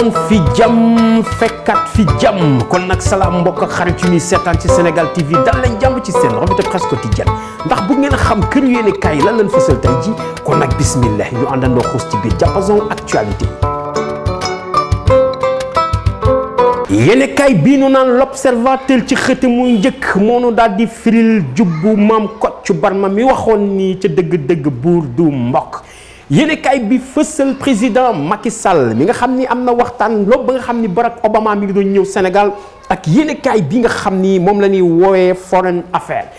woon fi jàmm fekkat fi jàmm kon nag salaam mbokk ak xarit yu ñuy seetaan ci Sénégal TV dal lañ jàmm ci seen revue de presse quotidienne ndax bu ngeen xam kër yéene kaay lan lañ fësal tey ji kon nag bismillah ñu àndandoo xuus ci biir jàppazon actualité yéene kaay bii nu naan l'observateur ci xëti mu njëkk moonu daal di firil jubbu maam Kocc Barma mi waxoon nii ca dëgg-dëgg buur du mbokk yene kay bi feussel président Macky Sall mi nga xamni amna waxtan lo ba nga xamni Barack Obama mi ngi doon ñëw Sénégal ak yene kay bi nga xamni mom lañuy wowe foreign affaires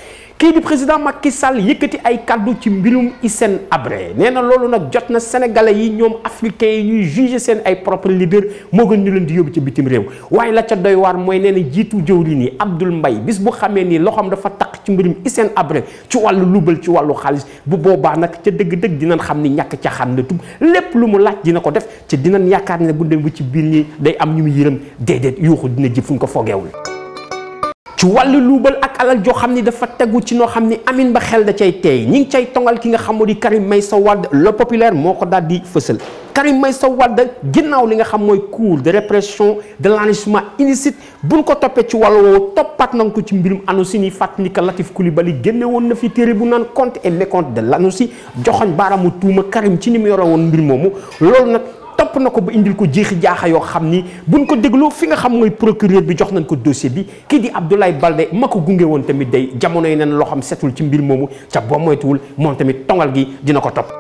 kii di président Macky Sall yëkkati ay kàddu ci mbirum Hissène Habré nee na loolu nag jot na sénégalais yi ñoom africains yi ñuy juger seen ay propres leaders moo gën ñu leen di yóbbu ci bitim réew waaye la ca doy waar mooy nee na jiitu jëwriñ yi Abdoul mbay bis bu xamee ni loxoom dafa taq ci mbirum Hissène abre ci wàllu lubal ci wàllu xaalis bu boobaa nag ca dëgg-dëgg dinañ xam ni ñàkk ca xam la tub lépp lu mu laaj dina ko def ci dinañ yaakaar ne bu dem bu ci biir ñi day am ñu mu yërëm yuuxu dina ji fuñ ko foogeewul ci wàllu luubal ak alal joo xam ni dafa tegu ci noo xam ni amin ba xel da cay teey ñi ngi cay tongal ki nga xamoo di Karim Meïssa Wade le populaire moo ko daal di fësal Karim Meïssa Wade ginnaaw li nga xam mooy cour de répression de l'enrichissement bu buñ ko toppee ci wàll woowu toppaat nañ ko ci mbirum ANOCI ni fàttali ni que Latif Coulibaly génne woon na fi téere bu naan compte et mécompte de l'ANOCI joxoñ baaraamu tuuma Karim ci ni mu yore woon mbir moomu nag topp na ko ba indil ko jeexi jaaxa yoo xam ni buñ ko dégloo fi nga xam mooy procureur bi jox nañ ko dossier bi kii di Abdoulaye Baldé ma ko gunge woon tamit day jamono yi neen loo xam setul ci mbir moomu ca boo moytuwul moom tamit tongal gi dina ko topp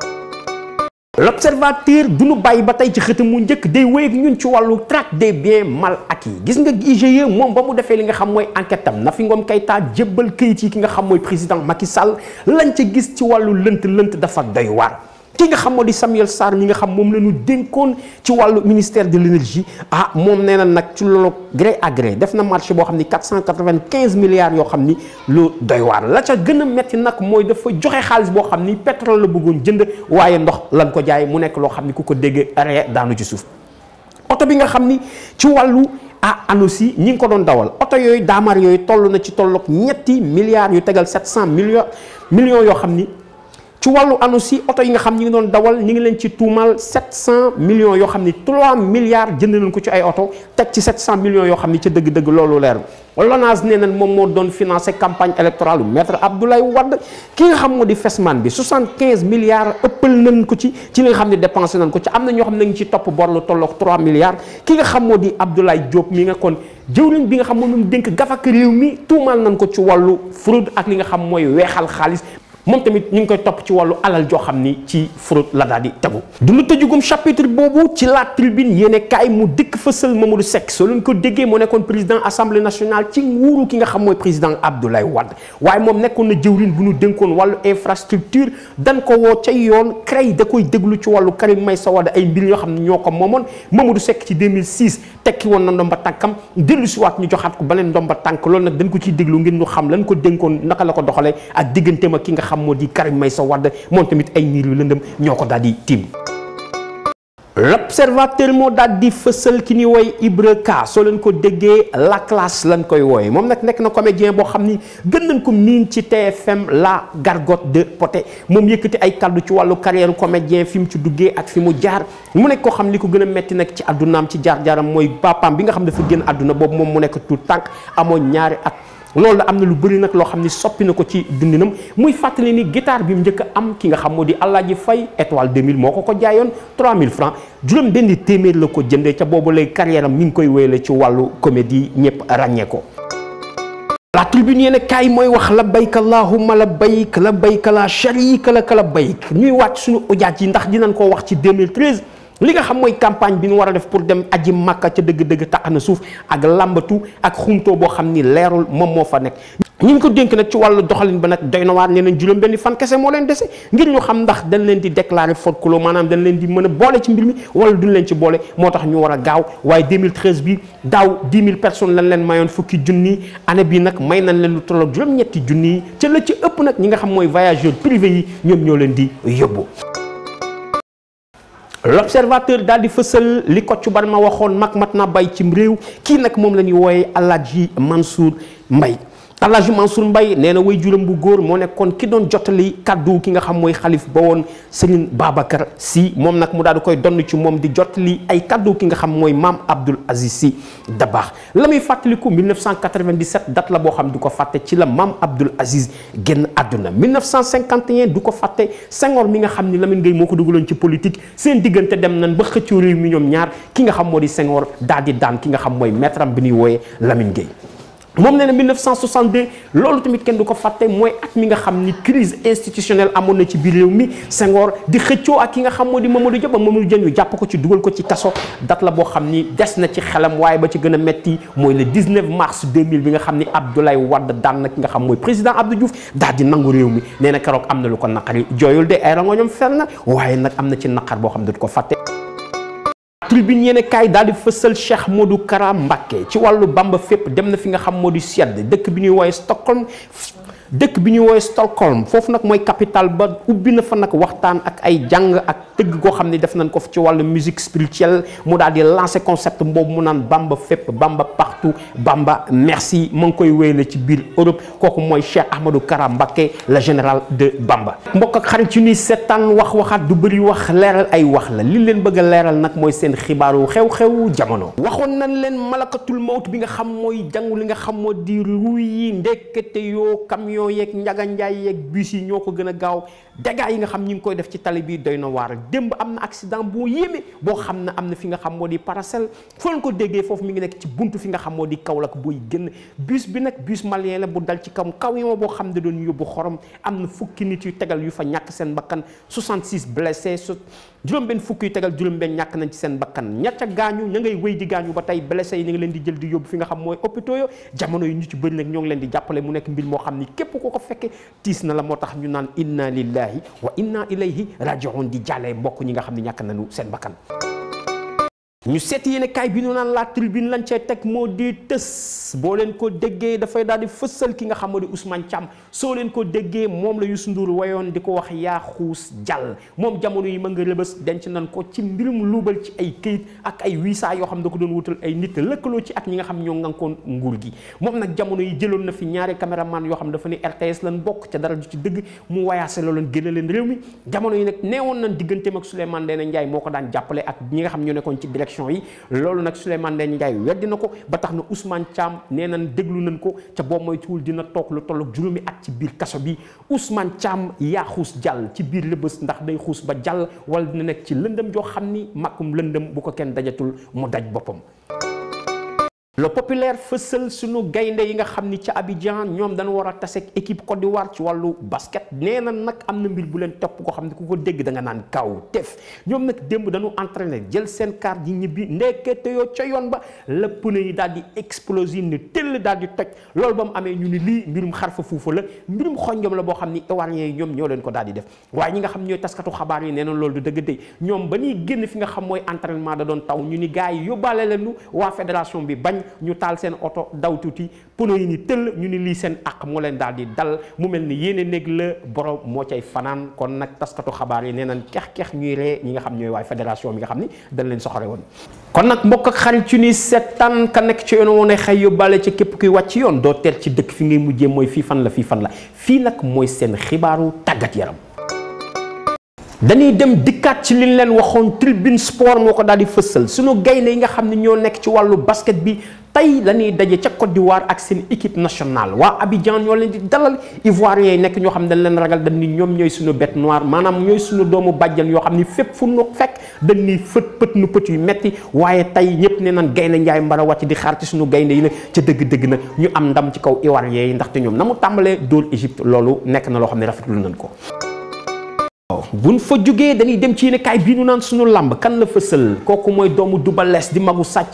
l'observateur nu bàyyi ba tey ci xëtam mu njëkk day wéy ak ñun ci wàllu traque des biens mal acquis gis nga IGE moom ba mu defee li nga xam mooy enquête am Nafi Ngom Keïta jébbal këyit yi ki nga xam mooy président Macky Sall lañ ca gis ci wàllu lënt lënt dafa doy waar ki nga xam moo di Samuel Sarr mi nga xam moom la ñu dénkoon ci wàllu ministère de l' énergie ah moom nee na nag ci loolu gré à gré def na marché boo xam ni 495 milliards yoo xam ni lu doy waar la ca gën a métti nag mooy dafa joxe xaalis boo xam ni pétrole la bëggoon jënd waaye ndox lañ ko jaay mu nekk loo xam ni ku ko dégg aree daanu ci suuf oto bi nga xam ni ci wàllu. ah ANOCI ñi ngi ko doon dawal oto yooyu daamar yooyu toll na ci tolloog ñetti milliards yu tegal 700 millions millions yoo xam ni ci wàllu annonce yi oto yi nga xam ñi ngi doon dawal ñi ngi leen ci tuumal 700 millions yoo xam ni 3 milliards jënd nañ ko ci ay oto teg ci 700 millions yoo xam ni ca dëgg-dëgg loolu leer LONASE nee nañ moom moo doon financé campagne électorale bu maître Abdoulaye Wade ki nga xam moo di Fesman bi 75 milliards ëppal nañ ko ci ci li nga xam ne dépensé nañ ko ci am na ñoo xam ne nañ ci topp bor lu tolloog 3 milliards ki nga xam moo di Abdoulaye Diop mi nga kon jëwriñ bi nga xam moom dénk gafak réew mi tuumal nañ ko ci wàllu fraude ak li nga xam mooy weexal xaalis moom tamit ñu ngi koy topp ci wàllu alal joo xam ni ci fraude la daal di tegu duñu tëjugum chapitre boobu ci la tribune yéene kaay mu dikk fësal Mamadou Seck soo leen ko déggee moo nekkoon président assemblée nationale ci nga xam mooy président Abdoulaye Wade waaye moom nekkoon na jëwriñ bu nu dénkoon wàllu infrastructure dañ ko woo ca yoon CREI da koy déglu ci wàllu Karim Meïssa Wade ay mbir yoo xam ne ñoo ko moomoon Mamadou Seck ci 2006 tekki woon na ndomba tànkam dellu si waat ñu joxaat ko beneen ndomba tànk loolu nag dañ ko ciy déglu ngeen ñu xam lañ ko dénkoon naka la ko doxalee ak digganteem ak ki nga xam moo di Karim Meïssa Wade moom tamit ay niir yu lëndëm ñoo ko daal di tiim l'observateur moo daal di fësal ki ni woy Ibra Ka soo leen ko déggee la classe lañ koy wooye moom nag nekk na comédien boo xam ni gën nañ ko miin ci TFM la gargote de Poté moom yëkkati ay kàddu ci wàllu carrière comédien fi mu ci duggee ak fi mu jaar mu nekk koo xam ni ko gën a metti nag ci addunaam ci jaar-jaaram mooy papaam bi nga xam dafa génn àdduna boobu moom mu nekk tout amoon ñaari at loolu la am na lu bëri nag loo xam ni soppi na ko ci dundinam muy fàttali ni gitaar bi mu njëkk am ki nga xam moo di Alaaji Fay étoile 2000 moo ko ko jaayoon mille francs juróom benn téeméer la ko jëndee ca boobu lay carrière am mi ngi koy wéyale ci wàllu comédie ñëpp ràññee ko. la tribune yéen kaay mooy wax la bayk allahumma la bayk la bayk la sharika laka la bayk ñuy wàcc suñu ujaat yi ndax dinañ koo wax ci 2013. li nga xam mooy campagne bi ñu war a def pour dem aji màkka ca dëgg-dëgg taq na suuf ak làmbatu ak xumtoo boo xam ni leerul moom moo fa nekk ñi ñu ko dénk nag ci wàllu doxalin ba nag doy na waar nee nañ juróom benn fan kese moo leen dese ngir ñu xam ndax dañ leen di déclarer forfait maanaam dañ leen di mën a boole ci mbir mi du duñ leen ci boole moo tax ñu war a gaaw waaye 2013 bi daaw 10 000 personnes lañ leen mayoon fukki junni année bi nag may nañ leen lu tolloog juróom-ñetti junni yi ca la ci ëpp nag ñi nga xam mooy voyageurs privés yi ñoom ñoo leen di yóbbu. l'observateur daal di fësal li Kocc Barma waxoon mag mat na bay cim réew kii nag moom la ñuy wooye Alaaji Mansour mbay Alhaji Mansour Mbaye nee way juram bu goor mo nekkon ki doon jotali kaddu ki nga xam moy khalif bawon Serigne Babacar si mom nak mu di koy don ci mom di jotali ay kaddu ki nga xam moy Mam Abdul Aziz Si Dabakh lamuy muy 1997 date la bo xam duko ko ci la Mam Abdul Aziz genn aduna 1951 duko ko Sengor mi nga xam ni Lamine Gueye moko dugulon ci politique seen diggante dem nan ba xëccoo réew mi ñom ñaar ki nga xam modi di Senghor di daan ki nga xam moy maître am bi Lamine moom né 1972, 1962 loolu tamit kenn du ko fàtte mooy at mi nga xam ni crise institutionnelle amone ci biir rew mi Senghor di xëccio ak ki nga xam modi di Mamadou Dia Mamadou Dia japp ko ci dugal ko ci kaso date la bo xam ni des na ci xelam waaye ba ci gëna metti moy le 19 mars 2000 bi nga xam ni Abdoulaye Wade dan na nga xam moy président Abdou Diouf dal di nangu rew mi nee na keroog lu ko naqari joyul de ay rangoñam fer na waaye nag am ci naqar bo xam ne du ko faté tribune yéen kaay daal di fësal Cheikh Modou Kara Mbacké ci wàllu Bamba fépp dem na fi nga xam moo du sedd dëkk bi ñuy woowee Stockholm dëkk bi ñuy woowee Stockholm foofu nag mooy capital ba ubbi na fa nag waxtaan ak ay jàng ak tëgg koo xam def nañ ko ci walu musique spirituelle mu dal di lancer concept boobu mu nan Bamba fépp Bamba partout Bamba merci Mon koy wéyale ci biir Europe kooku moy Cheikh Ahmadou karam bakay le général de Bamba mbok ak xarit ci ni setan wax waxat du bëri wax leral ay wax la li leen bëgg leral nak moy seen xibaaru xew-xew jamono waxon nan leen malakatul maut bi nga xam moy jangul li nga xam mo di ruuy ndekete yo camion yeeg nday yek bus yi ñoko gëna gaaw dégâts yi nga xam ñu ngi koy def ci tali bii doy na waar démb am na accident boo yéeme boo xam ne am na fi nga xam moo di parcelle foo leen ko déggee foofu mi ngi nekk ci buntu fi nga xam moo di kaw la ko booy génn bus bi nag bus malien la bu dal ci kaw kam camion boo xam ne doon yóbbu xorom am na fukki nit yu tegal yu fa ñàkk seen mbakkan bakkan 66 blessés juróom-benn fukk tegal juróom-benn ñàkk nañ ci seen bakkan ña ca gaañu ña ngay wéy di gaañu ba tey blessé yi ñu ngi leen di jël di yóbbu fi nga xam mooy hôpitaux yo jamono yi ñu ci bëri nag ñoo ngi leen di jàppale mu nekk mbir moo xam ni képp ko ko fekke tiis na la moo tax ñu naan inna lillahi wa inna ilayhi rajiun di jàllee mbokk ñi nga xam ne ñàkk nañu seen bakkan ñu seet yéen kaay bi ñu naan la tribune lañ cay teg moo di tës boo leen ko déggee dafay daal di fësal ki nga xam ne Ousmane Thiam soo leen ko déggee moom la Youssou Ndour wayoon di ko wax yaa xuus jàll moom jamono yi ma nga rëbës denc nañ ko ci mbirum luubal ci ay këyit ak ay visa yoo xam da ko doon wutal nit lëkkaloo ci ak ñi nga xam ñoo ngankoon nguur gi moom nag jamono yi jëloon na fi ñaari caméraman yoo xam dafa ne RTS lan bokk ca dara ju ci dëgg mu wayaase looloon génne leen réew mi jamono yi nag neewoon nañ digganteem ak Souleymane Ndéné Ndiaye moo ko daan jàppale ak ñi nga xam ñoo nekkoon ci élection yi loolu nag Souleymane Ndéné Ndiaye weddi na ko ba tax na Ousmane caam nee nañ déglu nañ ko ca boo moytuwul dina toog lu tolloog juróomi at ci biir kaso bi Ousmane caam yaa xuus jàll ci biir lëbës ndax day xuus ba jàll wala dina nekk ci lëndëm joo xam ni màkkum lëndëm bu ko kenn dajatul mu daj boppam le populaire fësal sunu gaynde yi nga xam ni ca Abidjan ñoom dañu war a taseeg équipe Côte d'Ivoire ci wàllu basket nee na nag am na mbir bu leen topp koo xam ne ku ko dégg da nga naan kaw teef ñoom nag démb dañu entraîné jël seen kaar ji ñibbi ndekete yoo yoon ba la daal di explosif ni tëll daal di toj loolu ba mu amee ñu ni lii mbirum xarfa fuufa la mbirum xonjom la boo xam ni ivoiriens ñoom ñoo leen ko daal di def waaye ñi nga xam ñooy taskatu xabaar yi nee na loolu du dëgg tey ñoom ba ñuy génn fi nga xam mooy entraînement da doon taw ñu ni gars yi yóbbaale lañu waa fédération bi bañ ñu tal seen auto daw tuti pono yi ni teul ñu ni li seen ak mo leen daldi dal mu melni yene yéene le borom tas cay fanan kon nak taskatu xabar yi nee kex-kex ñuy ree ñi nga xam ñoy way federation bi nga xam ni dañ leen soxare won kon nak mbok ak xarit ci ni setan ka nek ci woné xey yu balé ci kep kuy wacc yoon do ci dekk fi ngay mujjé moy fi fan la fi fan la fi nak moy seen xibaaru tagat yaram dañuy dem dikat ci liñ leen waxoon tribune sport moko ko di fësal sunu gaynde yi nga xamni ño nek ci walu basket bi tey la ñuy daje ca Côte d'Ivoire ak seen équipe nationale waa Abidjan ñoo leen di dalal Ivoiriens yi nekk ñoo xam ne dañ leen ragal dañ ni ñoom ñooy suñu bête noire maanaam ñooy suñu doomu bàjjan yoo xam ni fépp fu nu fekk dañ ni fët pët nu pët yu metti waaye tey ñëpp ne nan gaynde njaay mbara wàcc di xaar ci suñu gaynde yi nag ca dëgg-dëgg na ñu am ndam ci kaw Ivoiriens yi ndaxte ñoom na mu tàmbalee dóor Égypte loolu nekk na loo xam ne rafetlu nañ ko bu buñ fa jógee dañuy dem ci yéenekaay bii nu naan suñu làmb kan la fa fësal kooku mooy doomu Double Less di magu Sa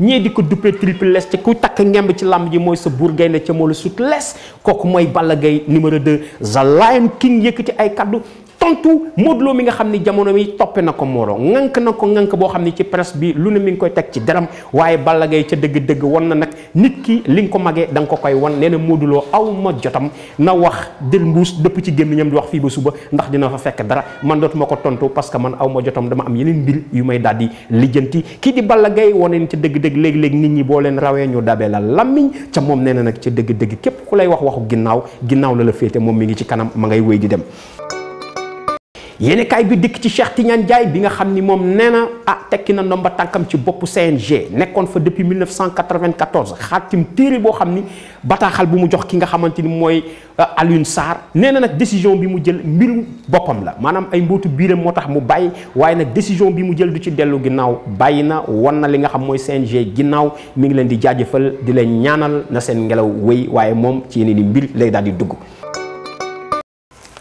ñee di ko duppee Triple Less te ku takk ngemb ci làmb ji mooy sa buur gaynde ca moo la sut Less kooku mooy Balla gay numéro 2 The Lion King ci ay kaddu tontu Modou mi nga xam ni jamono mi toppe na ko mooroo Lo ŋànk na ko ŋànk boo xam ni ci presse bi lu ne mi ngi koy teg ci deram waaye Balla gay ca dëgg-dëgg wan na nag nit ki li nga ko magee da nga ko koy wan nee na Modou aw ma jotam na wax dël mbuus dëpp ci gémmiñam di wax fii ba suba ndax dina fa fekk dara man ko tontu parce que man aw ma jotam dama am yeneen mbir yu may daal di lijjanti kii di Balla Gaye waneen ca dëgg-dëgg léeg léegi nit ñi boo leen rawee ñu dabee la lammiñ ca moom nee na nag ca dëgg-dëgg képp ku lay wax waxu ginnaaw ginnaaw la la féete moom mi ngi ci kanam ma ngay wéy di dem yéene kaay bi dikk ci Cheikh Tidiane Diaye bi nga xam ni moom nee a ah tekki na ndomba tànkam ci boppu CNG nekkoon fa depuis 1994 xaatim téere boo xam ni bataaxal bu mu jox ki nga xamante ni mooy euh, Alioune Sarr nee na nag décision bi mu jël mbiru boppam la maanaam ay mbootu biiram moo tax mu bàyyi waaye nag décision bi mu jël du ci dellu ginnaaw bàyyi na wan na li nga xam mooy CNG ginnaaw mi ngi leen di jaajëfal di leen ñaanal na seen ngelaw wéy waaye moom ci yeneen i mbir lay daal di dugg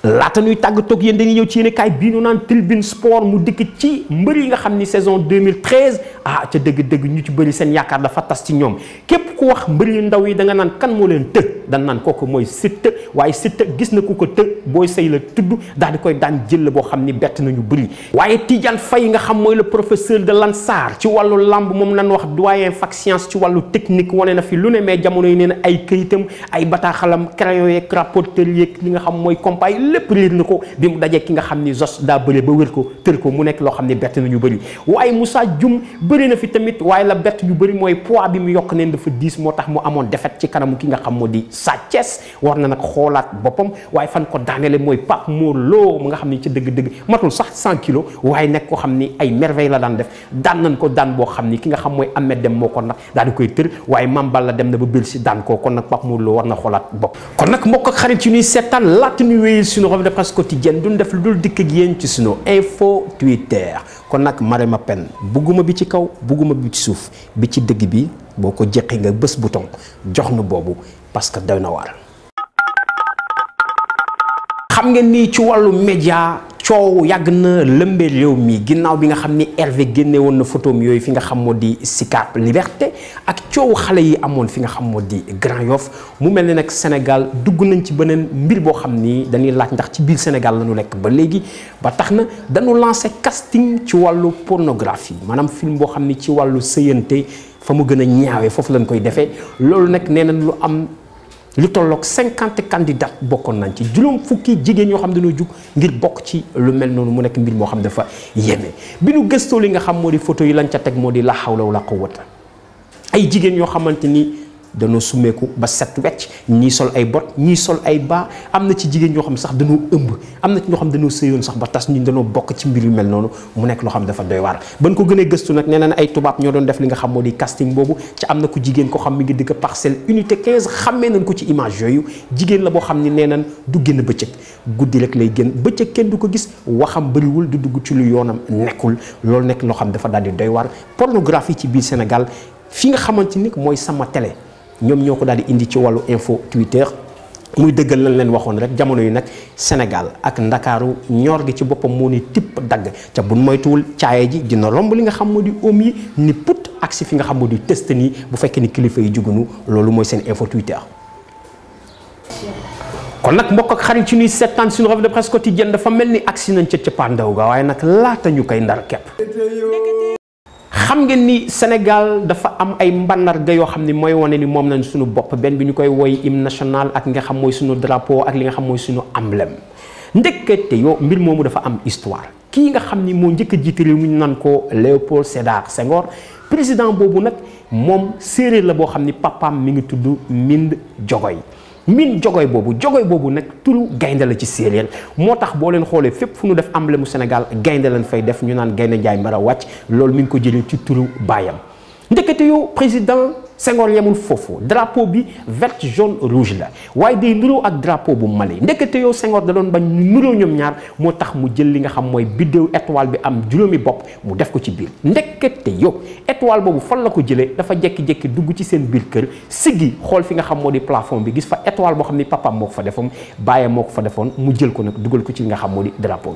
La tenue tàggatoo tok dañuy ci sport saison 2013 ah ca dëgg-dëgg ñu ci bëri seen yaakaar dafa tas ci ñoom képp ku wax mbër yu ndaw yi da naan kan moo leen të dan naan kooku mooy Siteu waaye Siteu gis na ku ko të booy sëy la tudd daal di koy daan jël boo xam ni bett nañu bëri waaye Tidiane Faye nga xam mooy le professeur de Lansar ci wàllu lamb moom nan wax doyen fac science ci wàllu technique wane na fi lu ne mais jamono yi nee na ay këyitam ay bataaxalam crayon yeeg rapporteur yeeg nga xam mooy lépp réer na ko bi mu dajee ki nga xam ni jos daa bëre ba wér ko tër ko mu nekk loo xam ne bett nañu bëri waaye Moussa Dioum bëri na fi tamit waaye la bett yu bëri mooy poids bi mu yokk neen dafa diis moo tax mu amoon defet ci kanamu ki nga xam moo di Sa Thiès war na nag xoolaat boppam waaye fan ko daanele mooy pap Mor Lo mu nga xam ni ci dëgg-dëgg matul sax 100 kilos waaye nekk ko xam ni ay merveille la daan def daan nañ ko daan boo xam ni ki nga xam mooy Ahmed Dem moo ko nag daal di koy tër waaye Mame Balla dem na ba bël si daan ko kon nag pap Mor Lo war na xoolaat bopp kon nag mbokk ak xarit yu ñuy seetaan laata ñu wéyal suñu revue de presse quotidienne duñ def lu dul dikk ak yéen ci suñu info Twitter kon nag mare ma Pène bugguma bi ci kaw bugguma bi ci suuf bi ci dëgg bi boo ko jeqi nga bés bouton jox nu boobu parce que doy na waar xam ngeen ni ci wàllu média coow yàgg na lëmbee réew mi ginnaaw bi nga xam ni Hervé génne woon na photom yooyu fi nga xam moo di Sicap Liberté ak coow xale yi amoon fi nga xam moo di Grand Yoff mu mel ni nag Sénégal dugg nañ ci beneen mbir boo xam ni dañuy laaj ndax ci biir Sénégal la ñu lekk ba léegi ba tax na dañu lancé casting ci wàllu pornographie maanaam film boo xam ni ci wàllu sëyante fa mu gën a ñaawee foofu lañ koy defee loolu nag nee lu am lu tolloog cinquante candidats bokkoon nañ ci juróom fukki jigéen ñoo xam dañoo jug ngir bokk ci lu mel noonu mu nekk mbir moo xam dafa yéeme bi nu gëstoo li nga xam moo di photo yi lañ ca teg moo di la hawla wala quwwata ay jigéen ñoo xamante ni. danoo summeeku ba set wecc ñii sol ay bot ñii sol ay baa am na ci jigéen ñoo xam sax danoo ëmb am na ci ñoo xam danoo sëyoon sax ba tas ñu danoo bokk ci mbir yu mel noonu mu nekk loo xam dafa doy waar ban ko gënee gëstu na ay tubaab ñoo doon def li nga xam moo di casting am na ku jigéen ko xam mi ngi dëkk parcelle unité 15 xammee nañ ko ci image yooyu jigéen la boo xam ni nee nañ du génn bëccëg guddi rek lay génn bëccëg kenn du ko gis waxam bëriwul du dugg ci lu yoonam nekkul loolu nekk loo xam dafa daal di doy waar pornographie ci biir Sénégal fi nga xamante ni mooy sama télé ñom ñoko daldi indi ci walu info Twitter muy deugal lan len waxoon rek jamono yi nak senegal ak dakaru ñor gi ci bopam mo ni tip dag ca buñ moytuwul caaye ji dina romb li nga xam modi di yi ni put ak si fi nga xam modi test ni bu fekk ni kilifa yi jugunu lolu moy sen info Twitter. kon nak mbokk ak xarit ci ñuy seetaan suñu revue de presse quotidienne dafa melni ni agsi nañ ca ca pandaw ga waaye nak la tañu kay ndar kep xam nga ni Sénégal dafa am ay mbandarga yoo xam ni mooy wane ni moom nañ suñu bopp benn bi ñu koy woy hymne national ak nga xam mooy suñu drapeau ak li nga xam mooy suñu emblème ndekete yoo mbir moomu dafa am histoire kii nga xam ni moo njëkk a jiite réew mi ñu naan ko Léopold Sédar Senghor président boobu nag moom séeréer la boo xam ni papaam mi ngi tudd Mind yi min jogoy boobu jogoy boobu nag turu gaynde la ci séeréer moo tax boo leen xoolee fépp fu ñu def emblème mu Sénégal gaynde lañ fay def ñu naan gaynde Njaay mara wàcc loolu mi ngi ko jëlee ci turu baayam ndekete yo président Senghor fofo, drapeau bi vert jaune rouge la Why ak drapeau bu yo ndekete yo Senghor da don bañ ñu nuroo ñaar vous mu jël li nga xam moy biddéew étoile bi am juroomi bop mu def ko ci bir ndekete yo étoile bobu fan la ko jëlee dafa jekki-jekki dugg ci nga xam drapeau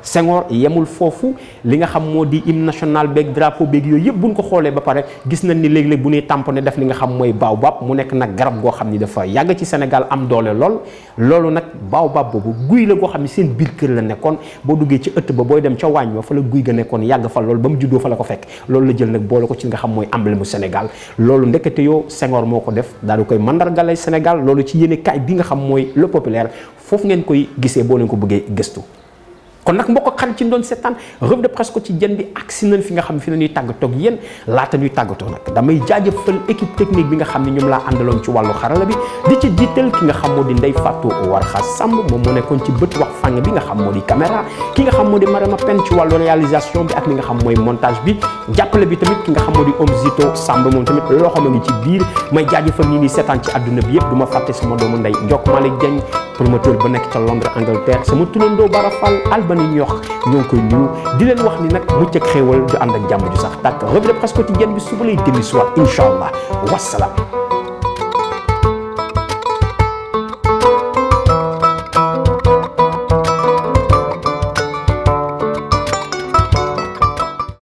Senghor yemul foofu li nga xam moo di hymne national beeg drapeau beeg yooyu bu buñ ko xoolee ba pare gis nañ ni léeg-léeg bu ñuy tamponné def li nga xam mooy baobab mu nekk nag garab goo xam ni dafa yàgg ci Sénégal am doole lool loolu nag baobab boobu guy la goo xam ni seen biir kër la nekkoon boo duggee ci ëtt ba booy dem ca waañ ba fa la guy ga nekkoon yàgg fa loolu ba mu juddoo fa la ko fekk loolu la jël nag boole ko ci nga xam mooy emblème mu Sénégal loolu ndekete yoo Senghor moo ko def daal di koy mandargalay Sénégal loolu ci yéene kaay bi nga xam mooy le populaire foofu ngeen koy gisee boo leen ko bëggee gëstu kon nag mbokk xarit ci doon seetaan revue de presse quotidienne bi agsi nañ fi nga xam fi la ñuy tàggatoo ak yéen laata ñuy tàggatoo nag damay jaajëfal équipe technique bi nga xam ne ñoom laa àndaloon ci wàllu xarala bi di ci jiital ki nga xam moo di Ndeye Fatou Warxa Samb moom moo nekkoon ci bët wax fàng bi nga xam moo di caméra ki nga xam moo di Marama Pène ci wàllu réalisation bi ak li nga xam mooy montage bi jàppale bi tamit ki nga xam moo di Om Zito Samb moom tamit loxo xam ngi ci biir may jaajëfal ñi ni seetaan ci àdduna bi yëpp ma fàtte sama doomu nday Jok Malick promoteur ba nekk ca Londres Angleterre sama turandoo Bara Fall Albani Ñox ñoo ngi koy nuyu di leen wax ni nag mucc ak xéewal du ànd ju sax tàkk revue de presse quotidienne bi suba lay dellu si waat incha